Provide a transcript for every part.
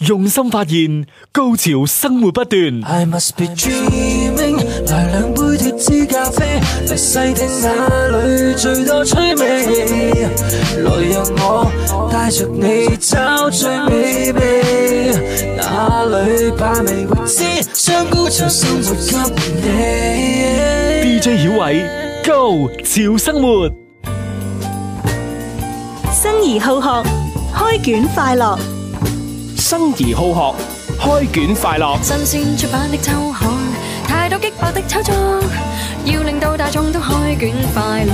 用心發現，高潮生活不斷。I must be dreaming，來兩杯脫脂咖啡，嚟細聽那裏最多趣味。來讓我帶着你找最美味，哪裏把味未知，將高潮生活給你。DJ 小偉，Go 潮生活，生而好學，開卷快樂。生而好學，開卷快樂。新鮮出版的周刊，太多激烈的炒作，要令到大眾都開卷快樂。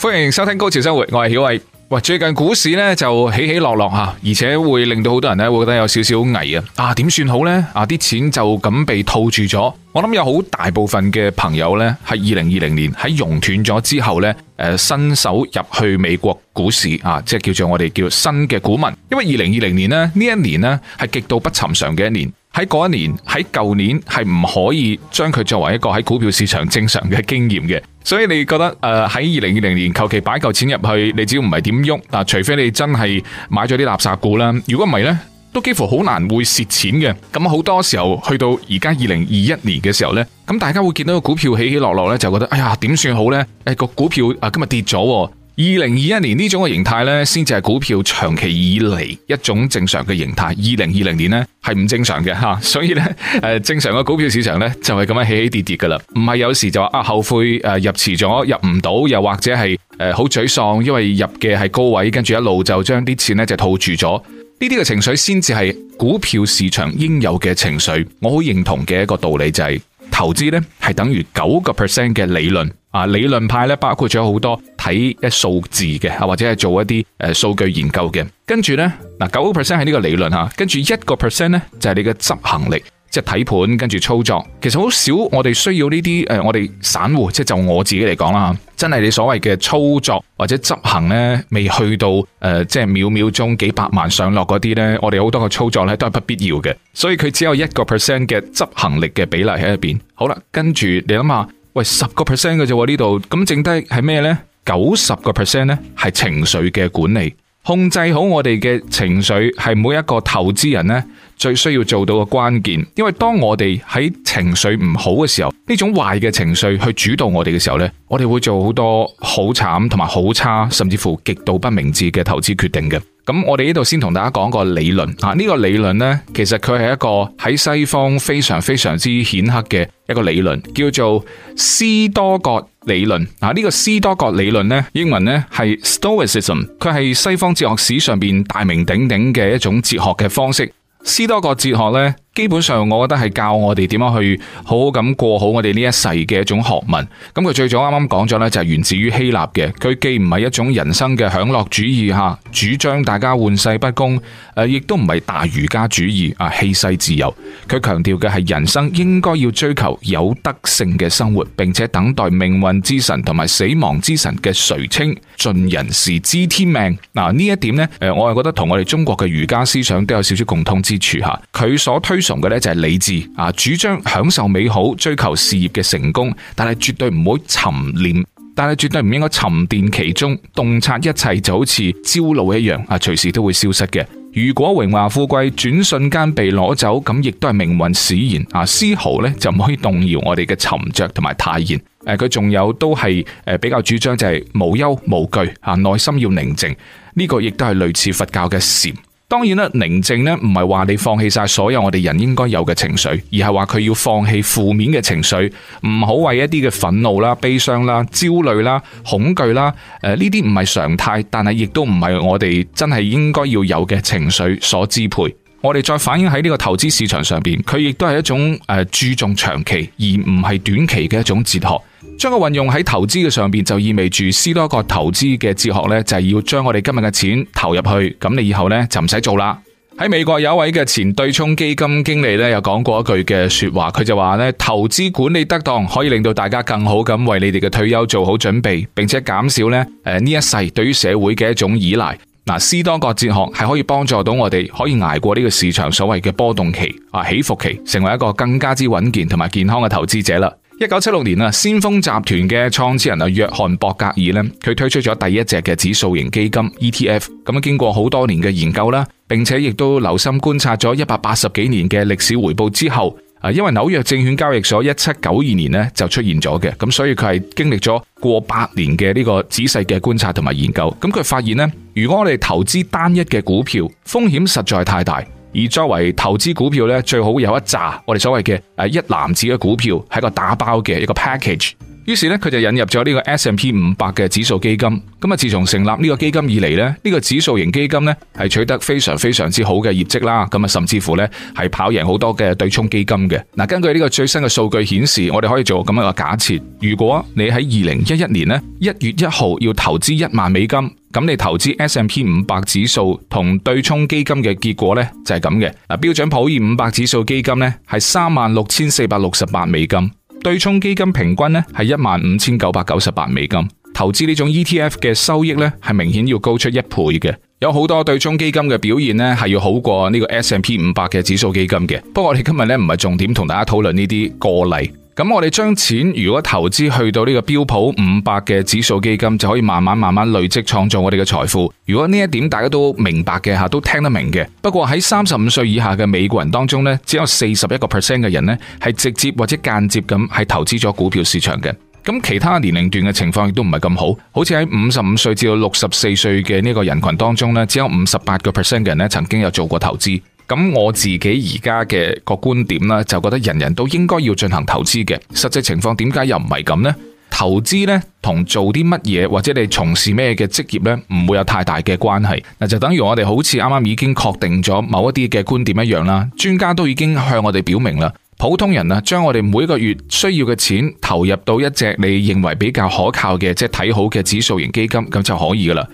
歡迎收聽《高潮生活》，我係曉慧。最近股市咧就起起落落吓，而且會令到好多人咧會覺得有少少危啊！啊，點算好呢？啊，啲錢就咁被套住咗。我諗有好大部分嘅朋友呢，係二零二零年喺熔斷咗之後呢，誒、呃，新手入去美國股市啊，即係叫做我哋叫做新嘅股民。因為二零二零年呢，呢一年呢，係極度不尋常嘅一年，喺嗰一年喺舊年係唔可以將佢作為一個喺股票市場正常嘅經驗嘅。所以你覺得誒喺二零二零年求其擺嚿錢入去，你只要唔係點喐，嗱，除非你真係買咗啲垃圾股啦，如果唔係呢，都幾乎好難會蝕錢嘅。咁好多時候去到而家二零二一年嘅時候呢，咁大家會見到個股票起起落落呢，就覺得哎呀，點算好呢？誒、哎、個股票啊今日跌咗。二零二一年呢種嘅形態呢，先至係股票長期以嚟，一種正常嘅形態。二零二零年呢，係唔正常嘅吓，所以呢，誒，正常嘅股票市場呢，就係咁樣起起跌跌噶啦，唔係有時就話啊後悔誒，入遲咗入唔到，又或者係誒好沮喪，因為入嘅係高位，跟住一路就將啲錢呢就套住咗。呢啲嘅情緒先至係股票市場應有嘅情緒，我好認同嘅一個道理就係、是、投資呢係等於九個 percent 嘅理論。啊，理論派咧，包括咗好多睇誒數字嘅，或者係做一啲誒數據研究嘅。跟住呢，嗱九個 percent 係呢個理論吓，跟住一個 percent 咧就係、是、你嘅執行力，即係睇盤跟住操作。其實好少我哋需要呢啲誒，我哋散戶即係、就是、就我自己嚟講啦，真係你所謂嘅操作或者執行呢，未去到誒、呃、即係秒秒鐘幾百萬上落嗰啲呢。我哋好多嘅操作呢，都係不必要嘅。所以佢只有一個 percent 嘅執行力嘅比例喺入邊。好啦，跟住你諗下。喂，十個 percent 嘅啫喎，呢度，咁剩低係咩咧？九十個 percent 咧，係情緒嘅管理。控制好我哋嘅情緒係每一個投資人咧最需要做到嘅關鍵，因為當我哋喺情緒唔好嘅時候，呢種壞嘅情緒去主導我哋嘅時候咧，我哋會做好多好慘同埋好差，甚至乎極度不明智嘅投資決定嘅。咁我哋呢度先同大家講個理論啊，呢個理論咧其實佢係一個喺西方非常非常之顯赫嘅一個理論，叫做斯多葛。理論嗱呢個斯多葛理論咧，英文咧係 Stoicism，佢係西方哲學史上邊大名鼎鼎嘅一種哲學嘅方式。斯多葛哲學呢。基本上，我覺得係教我哋點樣去好好咁過好我哋呢一世嘅一種學問。咁佢最早啱啱講咗咧，就係源自於希臘嘅。佢既唔係一種人生嘅享樂主義吓，主張大家玩世不恭；誒，亦都唔係犬儒主義啊，棄世自由。佢強調嘅係人生應該要追求有德性嘅生活，並且等待命運之神同埋死亡之神嘅垂青，盡人事，知天命。嗱、啊、呢一點咧，誒，我係覺得同我哋中國嘅儒家思想都有少少共通之處吓。佢所推崇嘅咧，就係理智啊，主張享受美好，追求事業嘅成功，但係絕對唔會沉念，但係絕對唔應該沉澱其中，洞察一切就好似朝露一樣啊，隨時都會消失嘅。如果榮華富貴轉瞬間被攞走，咁亦都係命運使然啊，絲毫呢就唔可以動搖我哋嘅沉着同埋泰然。誒，佢仲有都係誒比較主張就係無憂無懼啊，內心要寧靜，呢個亦都係類似佛教嘅禪。當然啦，寧靜呢唔係話你放棄晒所有我哋人應該有嘅情緒，而係話佢要放棄負面嘅情緒，唔好為一啲嘅憤怒啦、悲傷啦、焦慮啦、恐懼啦，誒呢啲唔係常態，但係亦都唔係我哋真係應該要有嘅情緒所支配。我哋再反映喺呢個投資市場上邊，佢亦都係一種誒注重長期而唔係短期嘅一種哲學。將個運用喺投資嘅上邊，就意味住斯多葛投資嘅哲學呢，就係要將我哋今日嘅錢投入去，咁你以後呢，就唔使做啦。喺美國有一位嘅前對沖基金經理呢，有講過一句嘅說話，佢就話呢，投資管理得當可以令到大家更好咁為你哋嘅退休做好準備，並且減少呢，誒呢一世對於社會嘅一種依賴。嗱，斯多葛哲學係可以幫助到我哋可以捱過呢個市場所謂嘅波動期啊、起伏期，成為一個更加之穩健同埋健康嘅投資者啦。一九七六年啊，先鋒集團嘅創始人啊約翰博格爾咧，佢推出咗第一隻嘅指數型基金 ETF。咁啊，經過好多年嘅研究啦，並且亦都留心觀察咗一百八十幾年嘅歷史回報之後，啊，因為紐約證券交易所一七九二年咧就出現咗嘅，咁所以佢係經歷咗過百年嘅呢個仔細嘅觀察同埋研究。咁佢發現咧，如果我哋投資單一嘅股票，風險實在太大。而作為投資股票呢，最好有一扎我哋所謂嘅誒一籃子嘅股票，係個打包嘅一個 package。於是呢，佢就引入咗呢個 S&P 五百嘅指數基金。咁啊，自從成立呢個基金以嚟呢，呢個指數型基金呢係取得非常非常之好嘅業績啦。咁啊，甚至乎呢係跑贏好多嘅對沖基金嘅。嗱，根據呢個最新嘅數據顯示，我哋可以做咁樣嘅假設：如果你喺二零一一年呢，一月一號要投資一萬美金。咁你投資 S M P 五百指數同對沖基金嘅結果呢，就係咁嘅。嗱，標準普爾五百指數基金呢，係三萬六千四百六十八美金，對沖基金平均呢，係一萬五千九百九十八美金，投資呢種 E T F 嘅收益呢，係明顯要高出一倍嘅。有好多對沖基金嘅表現呢，係要好過呢個 S M P 五百嘅指數基金嘅，不過我哋今日呢，唔係重點同大家討論呢啲個例。咁我哋將錢如果投資去到呢個標普五百嘅指數基金，就可以慢慢慢慢累積，創造我哋嘅財富。如果呢一點大家都明白嘅吓，都聽得明嘅。不過喺三十五歲以下嘅美國人當中呢，只有四十一個 percent 嘅人呢，係直接或者間接咁係投資咗股票市場嘅。咁其他年齡段嘅情況亦都唔係咁好，好似喺五十五歲至到六十四歲嘅呢個人群當中呢，只有五十八個 percent 嘅人呢，曾經有做過投資。咁我自己而家嘅個觀點啦，就覺得人人都應該要進行投資嘅。實際情況點解又唔係咁呢？投資呢，同做啲乜嘢或者你從事咩嘅職業呢，唔會有太大嘅關係。嗱，就等於我哋好似啱啱已經確定咗某一啲嘅觀點一樣啦。專家都已經向我哋表明啦，普通人啊，將我哋每個月需要嘅錢投入到一隻你認為比較可靠嘅，即係睇好嘅指數型基金，咁就可以噶啦。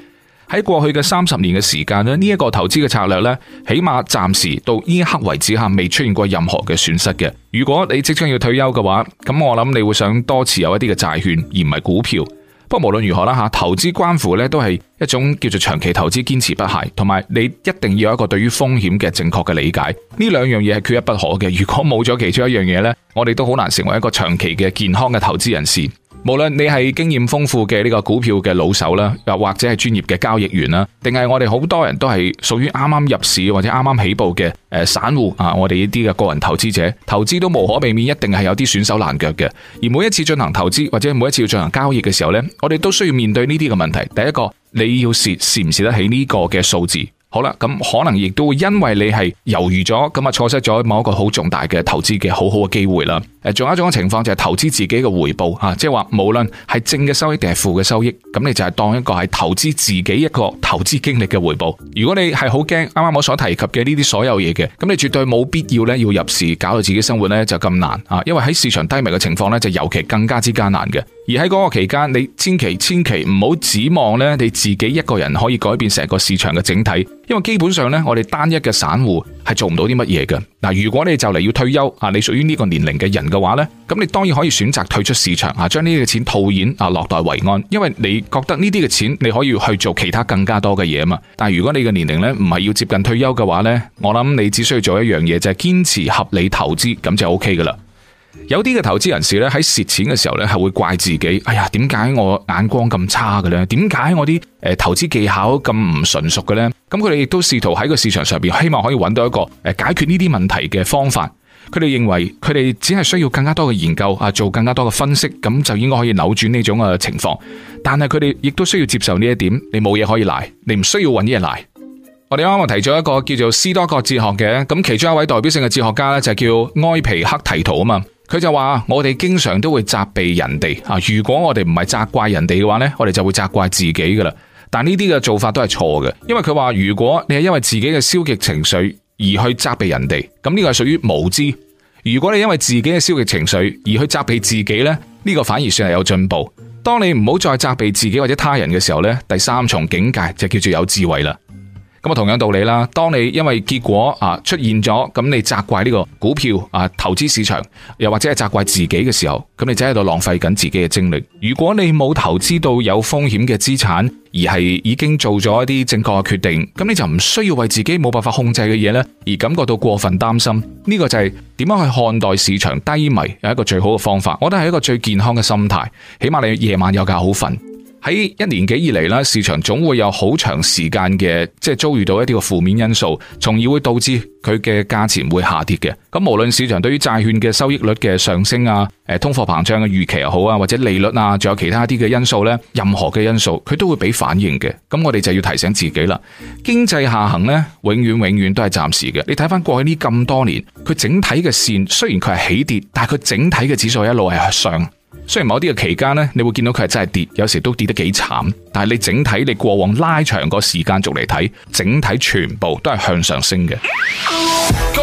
喺過去嘅三十年嘅時間咧，呢一個投資嘅策略呢，起碼暫時到呢一刻為止吓，未出現過任何嘅損失嘅。如果你即將要退休嘅話，咁我諗你會想多持有一啲嘅債券，而唔係股票。不過無論如何啦吓，投資關乎呢都係一種叫做長期投資，堅持不懈，同埋你一定要有一個對於風險嘅正確嘅理解，呢兩樣嘢係缺一不可嘅。如果冇咗其中一樣嘢呢，我哋都好難成為一個長期嘅健康嘅投資人士。無論你係經驗豐富嘅呢個股票嘅老手啦，又或者係專業嘅交易員啦，定係我哋好多人都係屬於啱啱入市或者啱啱起步嘅誒散戶啊，我哋呢啲嘅個人投資者，投資都無可避免一定係有啲損手爛腳嘅。而每一次進行投資或者每一次要進行交易嘅時候呢，我哋都需要面對呢啲嘅問題。第一個，你要蝕蝕唔蝕得起呢個嘅數字。好啦，咁可能亦都會因為你係猶豫咗，咁啊錯失咗某一個好重大嘅投資嘅好好嘅機會啦。誒，仲有一種情況就係投資自己嘅回報啊，即係話無論係正嘅收益定係負嘅收益，咁你就係當一個係投資自己一個投資經歷嘅回報。如果你係好驚啱啱我所提及嘅呢啲所有嘢嘅，咁你絕對冇必要咧要入市搞到自己生活咧就咁難啊！因為喺市場低迷嘅情況咧，就尤其更加之艱難嘅。而喺嗰個期間，你千祈千祈唔好指望咧，你自己一個人可以改變成個市場嘅整體，因為基本上咧，我哋單一嘅散戶係做唔到啲乜嘢嘅。嗱，如果你就嚟要退休啊，你屬於呢個年齡嘅人嘅話咧，咁你當然可以選擇退出市場啊，將呢啲嘅錢套現啊，落袋為安，因為你覺得呢啲嘅錢你可以去做其他更加多嘅嘢啊嘛。但係如果你嘅年齡咧唔係要接近退休嘅話咧，我諗你只需要做一樣嘢，就係堅持合理投資，咁就 OK 噶啦。有啲嘅投資人士咧，喺蝕錢嘅時候咧，係會怪自己，哎呀，點解我眼光咁差嘅咧？點解我啲誒投資技巧咁唔純熟嘅咧？咁佢哋亦都試圖喺個市場上邊，希望可以揾到一個誒解決呢啲問題嘅方法。佢哋認為佢哋只係需要更加多嘅研究啊，做更加多嘅分析，咁就應該可以扭轉呢種嘅情況。但係佢哋亦都需要接受呢一點，你冇嘢可以賴，你唔需要揾嘢賴。我哋啱啱提咗一個叫做斯多葛哲學嘅，咁其中一位代表性嘅哲學家咧就叫埃皮克提圖啊嘛。佢就話我哋經常都會責備人哋啊，如果我哋唔係責怪人哋嘅話呢，我哋就會責怪自己噶啦。但呢啲嘅做法都係錯嘅，因為佢話如果你係因為自己嘅消極情緒而去責備人哋，咁、這、呢個係屬於無知。如果你因為自己嘅消極情緒而去責備自己呢，呢、這個反而算係有進步。當你唔好再責備自己或者他人嘅時候呢，第三重境界就叫做有智慧啦。咁啊，同樣道理啦。當你因為結果啊出現咗，咁你責怪呢個股票啊投資市場，又或者係責怪自己嘅時候，咁你就喺度浪費緊自己嘅精力。如果你冇投資到有風險嘅資產，而係已經做咗一啲正確嘅決定，咁你就唔需要為自己冇辦法控制嘅嘢呢而感覺到過分擔心。呢個就係點樣去看待市場低迷有一個最好嘅方法。我覺得係一個最健康嘅心態，起碼你夜晚有覺好瞓。喺一年幾以嚟咧，市場總會有好長時間嘅，即係遭遇到一啲嘅負面因素，從而會導致佢嘅價錢會下跌嘅。咁無論市場對於債券嘅收益率嘅上升啊，誒通貨膨脹嘅預期又好啊，或者利率啊，仲有其他啲嘅因素呢，任何嘅因素，佢都會俾反應嘅。咁我哋就要提醒自己啦，經濟下行呢，永遠永遠都係暫時嘅。你睇翻過去呢咁多年，佢整體嘅線雖然佢係起跌，但係佢整體嘅指數一路係上。雖然某啲嘅期間呢，你會見到佢係真係跌，有時都跌得幾慘。但係你整體你過往拉長個時間軸嚟睇，整體全部都係向上升嘅。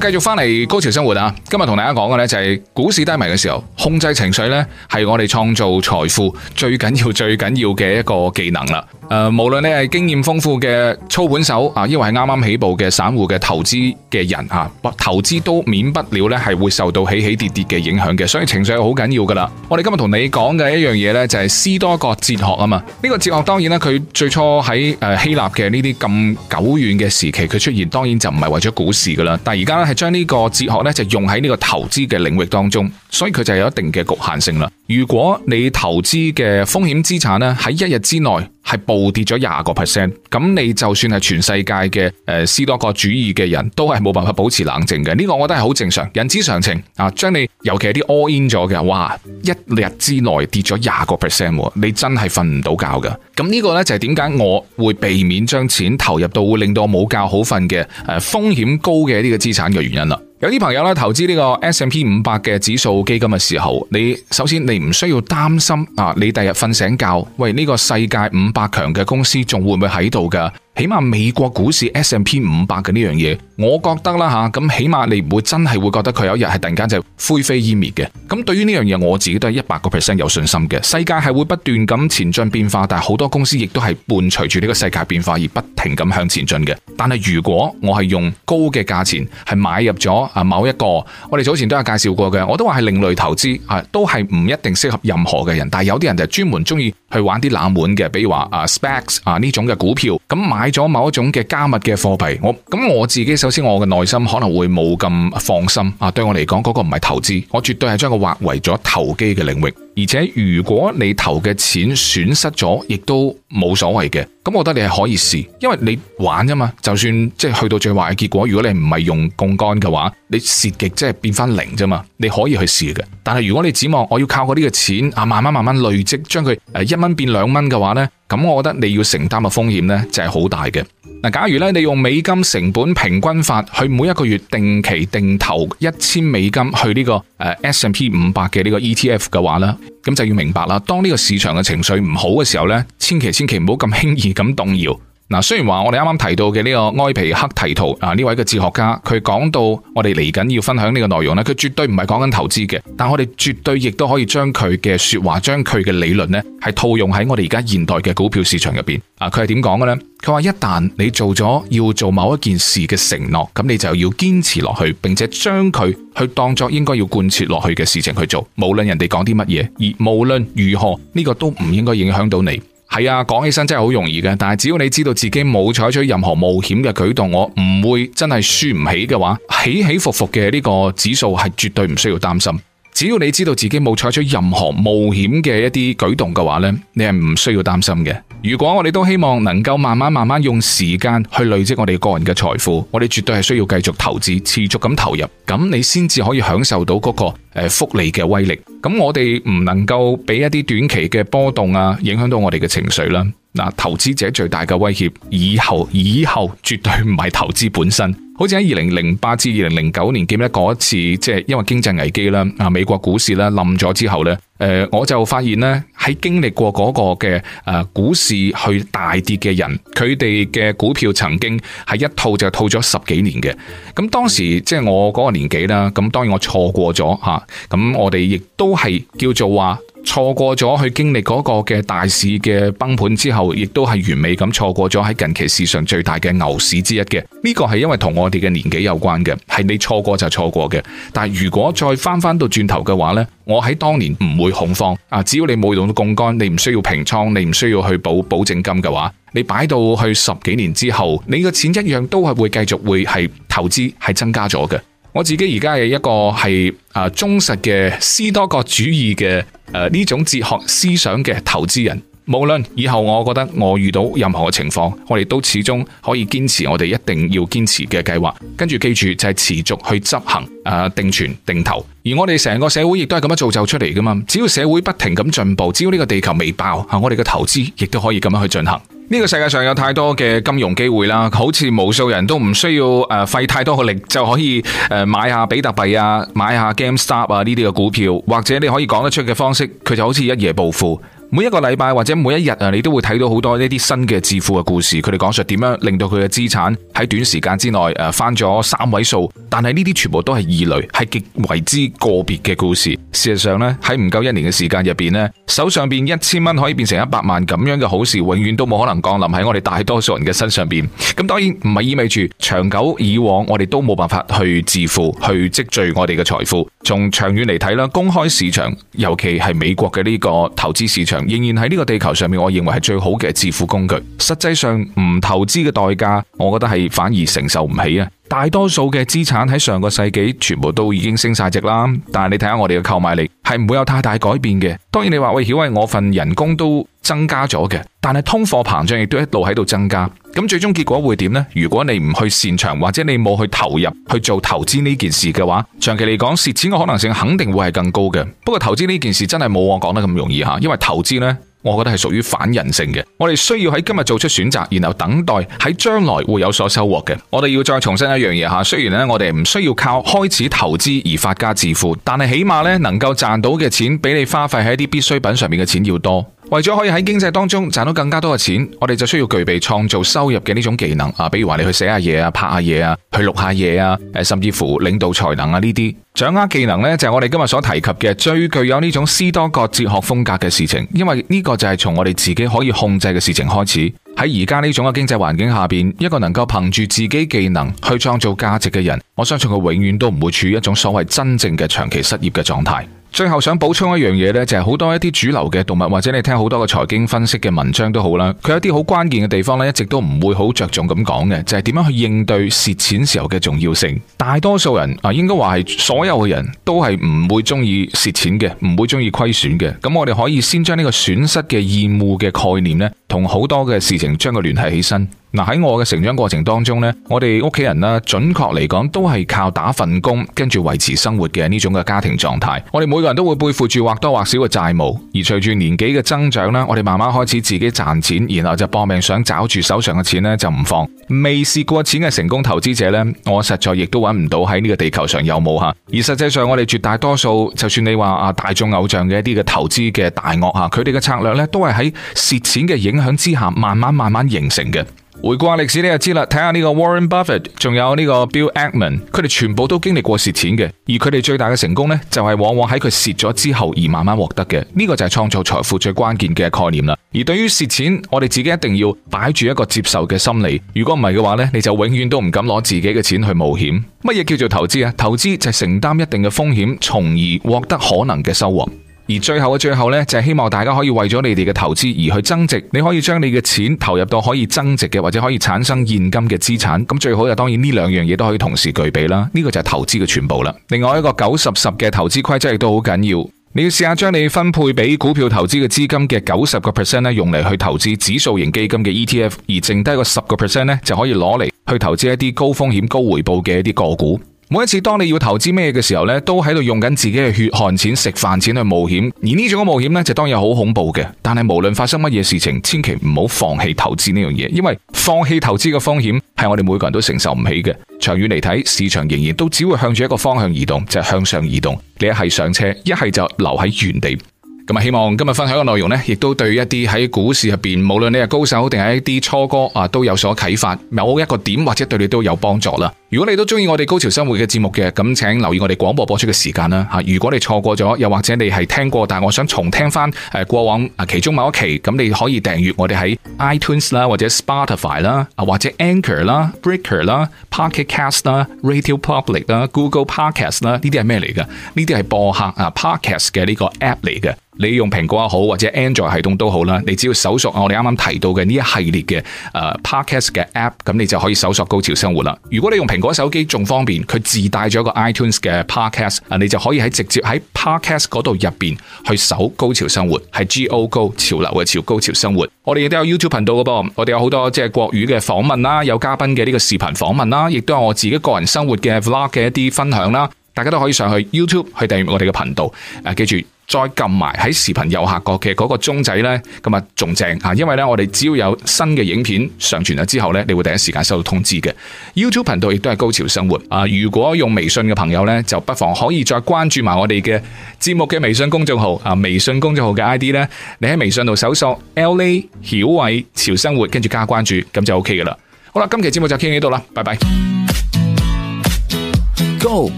繼續翻嚟高潮生活啊！今日同大家講嘅呢，就係股市低迷嘅時候，控制情緒呢，係我哋創造財富最緊要、最緊要嘅一個技能啦。誒，無論你係經驗豐富嘅操盤手啊，亦或係啱啱起步嘅散戶嘅投資嘅人啊，投資都免不了咧係會受到起起跌跌嘅影響嘅，所以情緒係好緊要噶啦。我哋今日同你講嘅一樣嘢呢，就係斯多葛哲學啊嘛，呢、呢個哲學當然啦，佢最初喺誒希臘嘅呢啲咁久遠嘅時期佢出現，當然就唔係為咗股市噶啦，但係而家咧係將呢個哲學呢，就用喺呢個投資嘅領域當中。所以佢就有一定嘅局限性啦。如果你投資嘅風險資產咧，喺一日之內係暴跌咗廿個 percent，咁你就算係全世界嘅誒，斯多葛主義嘅人都係冇辦法保持冷靜嘅。呢個我覺得係好正常，人之常情啊。將你尤其係啲 all in 咗嘅，哇，一日之內跌咗廿個 percent，你真係瞓唔到覺噶。咁呢個呢，就係點解我會避免將錢投入到會令到我冇覺好瞓嘅誒，風險高嘅呢個資產嘅原因啦。有啲朋友投資呢個 S&P 五百嘅指數基金嘅時候，你首先你唔需要擔心啊，你第二日瞓醒覺，喂呢個世界五百強嘅公司仲會唔會喺度嘅？起碼美國股市 S&P 五百嘅呢樣嘢，我覺得啦吓，咁起碼你唔會真係會覺得佢有一日係突然間就灰飛煙滅嘅。咁對於呢樣嘢，我自己都係一百個 percent 有信心嘅。世界係會不斷咁前進變化，但係好多公司亦都係伴隨住呢個世界變化而不停咁向前進嘅。但係如果我係用高嘅價錢係買入咗啊某一個，我哋早前都有介紹過嘅，我都話係另類投資啊，都係唔一定適合任何嘅人，但係有啲人就專門中意。去玩啲冷門嘅，比如話 SP 啊 SPACs 啊呢種嘅股票，咁買咗某一種嘅加密嘅貨幣，我咁我自己首先我嘅內心可能會冇咁放心啊，對我嚟講嗰個唔係投資，我絕對係將佢劃為咗投機嘅領域。而且如果你投嘅錢損失咗，亦都冇所謂嘅。咁我覺得你可以試，因為你玩啊嘛。就算即係去到最壞嘅結果，如果你唔係用槓桿嘅話，你蝕極即係變翻零啫嘛。你可以去試嘅。但係如果你指望我要靠嗰啲嘅錢啊慢慢慢慢累積，將佢一蚊變兩蚊嘅話呢，咁我覺得你要承擔嘅風險呢，就係好大嘅。嗱，假如咧你用美金成本平均法去每一個月定期定投一千美金去呢個誒 S and P 五百嘅呢個 ETF 嘅話咧，咁就要明白啦。當呢個市場嘅情緒唔好嘅時候咧，千祈千祈唔好咁輕易咁動搖。嗱，雖然話我哋啱啱提到嘅呢個埃皮克提圖啊，呢位嘅哲學家，佢講到我哋嚟緊要分享呢個內容咧，佢絕對唔係講緊投資嘅，但我哋絕對亦都可以將佢嘅說話，將佢嘅理論呢，係套用喺我哋而家現代嘅股票市場入邊啊。佢係點講嘅呢？佢話一旦你做咗要做某一件事嘅承諾，咁你就要堅持落去，並且將佢去當作應該要貫徹落去嘅事情去做，無論人哋講啲乜嘢，而無論如何呢個都唔應該影響到你。係啊，講起身真係好容易嘅，但係只要你知道自己冇採取任何冒險嘅舉動，我唔會真係輸唔起嘅話，起起伏伏嘅呢個指數係絕對唔需要擔心。只要你知道自己冇採取任何冒險嘅一啲舉動嘅話咧，你係唔需要擔心嘅。如果我哋都希望能夠慢慢慢慢用時間去累積我哋個人嘅財富，我哋絕對係需要繼續投資，持續咁投入，咁你先至可以享受到嗰個誒複利嘅威力。咁我哋唔能夠俾一啲短期嘅波動啊，影響到我哋嘅情緒啦。嗱，投資者最大嘅威脅，以後以後絕對唔係投資本身。好似喺二零零八至二零零九年，記唔記得嗰一次，即係因為經濟危機啦，啊美國股市啦冧咗之後咧，誒我就發現咧喺經歷過嗰個嘅誒股市去大跌嘅人，佢哋嘅股票曾經係一套就套咗十幾年嘅。咁當時即係、就是、我嗰個年紀啦，咁當然我錯過咗吓。咁我哋亦都係叫做話。錯過咗去經歷嗰個嘅大市嘅崩盤之後，亦都係完美咁錯過咗喺近期史上最大嘅牛市之一嘅，呢個係因為同我哋嘅年紀有關嘅，係你錯過就錯過嘅。但係如果再翻翻到轉頭嘅話呢，我喺當年唔會恐慌啊。只要你冇用到槓桿，你唔需要平倉，你唔需要去補保證金嘅話，你擺到去十幾年之後，你嘅錢一樣都係會繼續會係投資係增加咗嘅。我自己而家係一個係啊忠實嘅斯多葛主義嘅。誒，呢種哲學思想嘅投資人，無論以後我覺得我遇到任何嘅情況，我哋都始終可以堅持我哋一定要堅持嘅計劃，跟住記住就係持續去執行，誒定存定投，而我哋成個社會亦都係咁樣造就出嚟㗎嘛，只要社會不停咁進步，只要呢個地球未爆，我哋嘅投資亦都可以咁樣去進行。呢個世界上有太多嘅金融機會啦，好似無數人都唔需要誒、呃、費太多嘅力就可以誒、呃、買下比特幣啊，買下 GameStop 啊呢啲嘅股票，或者你可以講得出嘅方式，佢就好似一夜暴富。每一個禮拜或者每一日啊，你都會睇到好多呢啲新嘅致富嘅故事，佢哋講述點樣令到佢嘅資產喺短時間之內誒翻咗三位數，但係呢啲全部都係異類，係極為之個別嘅故事。事實上咧，喺唔夠一年嘅時間入邊咧，手上邊一千蚊可以變成一百萬咁樣嘅好事，永遠都冇可能降臨喺我哋大多數人嘅身上邊。咁當然唔係意味住長久以往，我哋都冇辦法去致富，去積聚我哋嘅財富。從長遠嚟睇啦，公開市場，尤其係美國嘅呢個投資市場，仍然喺呢個地球上面，我認為係最好嘅致富工具。實際上唔投資嘅代價，我覺得係反而承受唔起啊！大多數嘅資產喺上個世紀全部都已經升晒值啦，但係你睇下我哋嘅購買力。係唔會有太大改變嘅，當然你話喂，曉偉我份人工都增加咗嘅，但係通貨膨脹亦都一路喺度增加，咁最終結果會點呢？如果你唔去擅長或者你冇去投入去做投資呢件事嘅話，長期嚟講蝕錢嘅可能性肯定會係更高嘅。不過投資呢件事真係冇我講得咁容易吓，因為投資呢。我覺得係屬於反人性嘅，我哋需要喺今日做出選擇，然後等待喺將來會有所收穫嘅。我哋要再重申一樣嘢吓，雖然我哋唔需要靠開始投資而發家致富，但係起碼咧能夠賺到嘅錢，比你花費喺一啲必需品上面嘅錢要多。為咗可以喺經濟當中賺到更加多嘅錢，我哋就需要具備創造收入嘅呢種技能啊，比如話你去寫下嘢啊、拍下嘢啊、去錄下嘢啊，誒，甚至乎領導才能啊呢啲，掌握技能呢，就係我哋今日所提及嘅最具有呢種斯多葛哲學風格嘅事情，因為呢個就係從我哋自己可以控制嘅事情開始。喺而家呢種嘅經濟環境下邊，一個能夠憑住自己技能去創造價值嘅人，我相信佢永遠都唔會處於一種所謂真正嘅長期失業嘅狀態。最後想補充一樣嘢呢,就係好多一啲主流嘅動物，或者你聽好多嘅財經分析嘅文章都好啦，佢有啲好關鍵嘅地方呢，一直都唔會好着重咁講嘅，就係點樣去應對蝕錢時候嘅重要性。大多數人啊，應該話係所有嘅人都係唔會中意蝕錢嘅，唔會中意虧損嘅。咁我哋可以先將呢個損失嘅厭惡嘅概念呢，同好多嘅事情將佢聯繫起身。喺我嘅成長過程當中呢，我哋屋企人呢，準確嚟講都係靠打份工，跟住維持生活嘅呢種嘅家庭狀態。我哋每個人都會背負住或多或少嘅債務，而隨住年紀嘅增長呢，我哋慢慢開始自己賺錢，然後就搏命想找住手上嘅錢呢就唔放。未蝕過錢嘅成功投資者呢，我實在亦都揾唔到喺呢個地球上有冇吓。而實際上我哋絕大多數，就算你話啊大眾偶像嘅一啲嘅投資嘅大鱷吓，佢哋嘅策略呢，都係喺蝕錢嘅影響之下，慢慢慢慢形成嘅。回顧下歷史，你就知啦。睇下呢個 Warren Buffett，仲有呢個 Bill Ackman，佢哋全部都經歷過蝕錢嘅，而佢哋最大嘅成功呢，就係往往喺佢蝕咗之後而慢慢獲得嘅。呢個就係創造財富最關鍵嘅概念啦。而對於蝕錢，我哋自己一定要擺住一個接受嘅心理。如果唔係嘅話呢，你就永遠都唔敢攞自己嘅錢去冒險。乜嘢叫做投資啊？投資就係承擔一定嘅風險，從而獲得可能嘅收穫。而最後嘅最後呢，就係希望大家可以為咗你哋嘅投資而去增值。你可以將你嘅錢投入到可以增值嘅，或者可以產生現金嘅資產。咁最好就當然呢兩樣嘢都可以同時具備啦。呢個就係投資嘅全部啦。另外一個九十十嘅投資規則亦都好緊要。你要試下將你分配俾股票投資嘅資金嘅九十個 percent 咧，用嚟去投資指數型基金嘅 ETF，而剩低個十個 percent 咧，就可以攞嚟去投資一啲高風險高回報嘅一啲個股。每一次當你要投資咩嘅時候呢都喺度用緊自己嘅血汗錢、食飯錢去冒險，而呢種嘅冒險呢，就當然好恐怖嘅。但係無論發生乜嘢事情，千祈唔好放棄投資呢樣嘢，因為放棄投資嘅風險係我哋每個人都承受唔起嘅。長遠嚟睇，市場仍然都只會向住一個方向移動，就係向上移動。你一係上車，一係就留喺原地。咁啊，希望今日分享嘅內容呢，亦都對一啲喺股市入邊，無論你係高手定係一啲初哥啊，都有所啟發，某一個點或者對你都有幫助啦。如果你都中意我哋《高潮生活》嘅節目嘅，咁請留意我哋廣播播出嘅時間啦吓。如果你錯過咗，又或者你係聽過，但係我想重聽翻誒過往啊其中某一期，咁你可以訂閱我哋喺 iTunes 啦，或者 Spotify 啦，啊或者 Anchor 啦、Breaker 啦、Pocket Cast 啦、Radio Public 啦、Google Podcast 啦，呢啲係咩嚟㗎？呢啲係播客啊 Podcast 嘅呢個 App 嚟嘅。你用蘋果也好，或者 Android 系統都好啦，你只要搜索我哋啱啱提到嘅呢一系列嘅誒、uh, Podcast 嘅 App，咁你就可以搜索《高潮生活》啦。如果你用如果蘋果手機仲方便，佢自帶咗一個 iTunes 嘅 Podcast 啊，你就可以喺直接喺 Podcast 嗰度入邊去搜高潮生活，係 G O 高潮流嘅潮高潮生活。我哋亦都有 YouTube 頻道嘅噃，我哋有好多即係國語嘅訪問啦，有嘉賓嘅呢個視頻訪問啦，亦都有我自己個人生活嘅 Vlog 嘅一啲分享啦。大家都可以上去 YouTube 去訂閱我哋嘅頻道。誒，記住。再撳埋喺視頻右下角嘅嗰個鐘仔呢，咁啊仲正吓，因為呢，我哋只要有新嘅影片上傳咗之後呢，你會第一時間收到通知嘅。YouTube 頻道亦都係高潮生活啊！如果用微信嘅朋友呢，就不妨可以再關注埋我哋嘅節目嘅微信公眾號啊，微信公眾號嘅 ID 呢，你喺微信度搜索 LA 曉偉潮生活，跟住加關注，咁就 OK 噶啦。好啦，今期節目就傾到呢度啦，拜拜。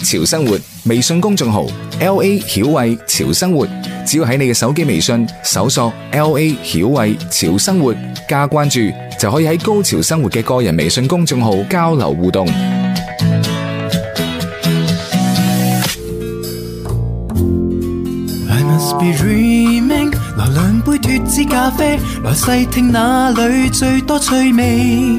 潮生活微信公眾號 L A 曉慧潮生活，只要喺你嘅手機微信搜索 L A 曉慧潮生活加關注，就可以喺高潮生活嘅個人微信公眾號交流互動。來兩杯脫脂咖啡，來細聽哪裏最多趣味。